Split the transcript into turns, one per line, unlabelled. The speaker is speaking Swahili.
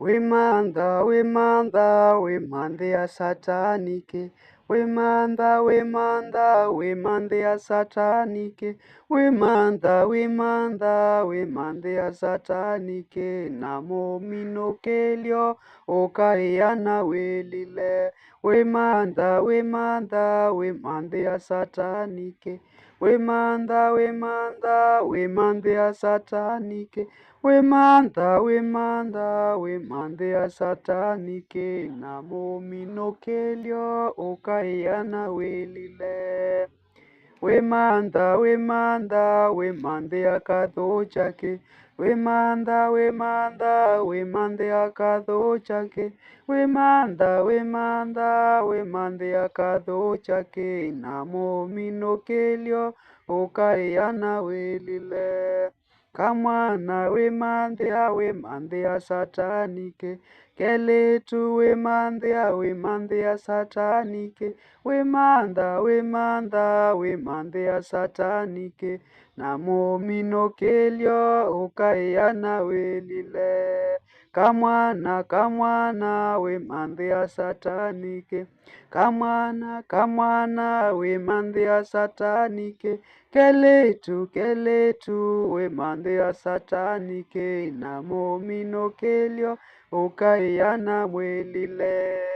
Wemanda, wemanda, wemande ya satanike Wemanda, wemanda, wemande ya satanike, wemanda, wemanda, wemande ya satanike, namo minokelio, okayana welile, wemanda, wemanda, wemande ya satanike, wemanda, wemanda, wemande ya satanike, wemanda, wemanda, wemande ya satanike, namo minokelio, oka yana
wilile
wemanda wemanda wemande akadho chake wemanda wemanda wemande akadho chake wemanda wemanda wemande akadho chake namo minokelio okare yana welile Kamwana wemanthia wemanthia satanike Keletu wemanthia wemanthia satanike Wemantha wemantha wemanthia satanike Namo minokelyo ukaiya nawe lile Kamwana kamwana we ya satanike kamwana kamwana we ya satanike keletu keletu we ya satanike namo kelio ukaiana mwelile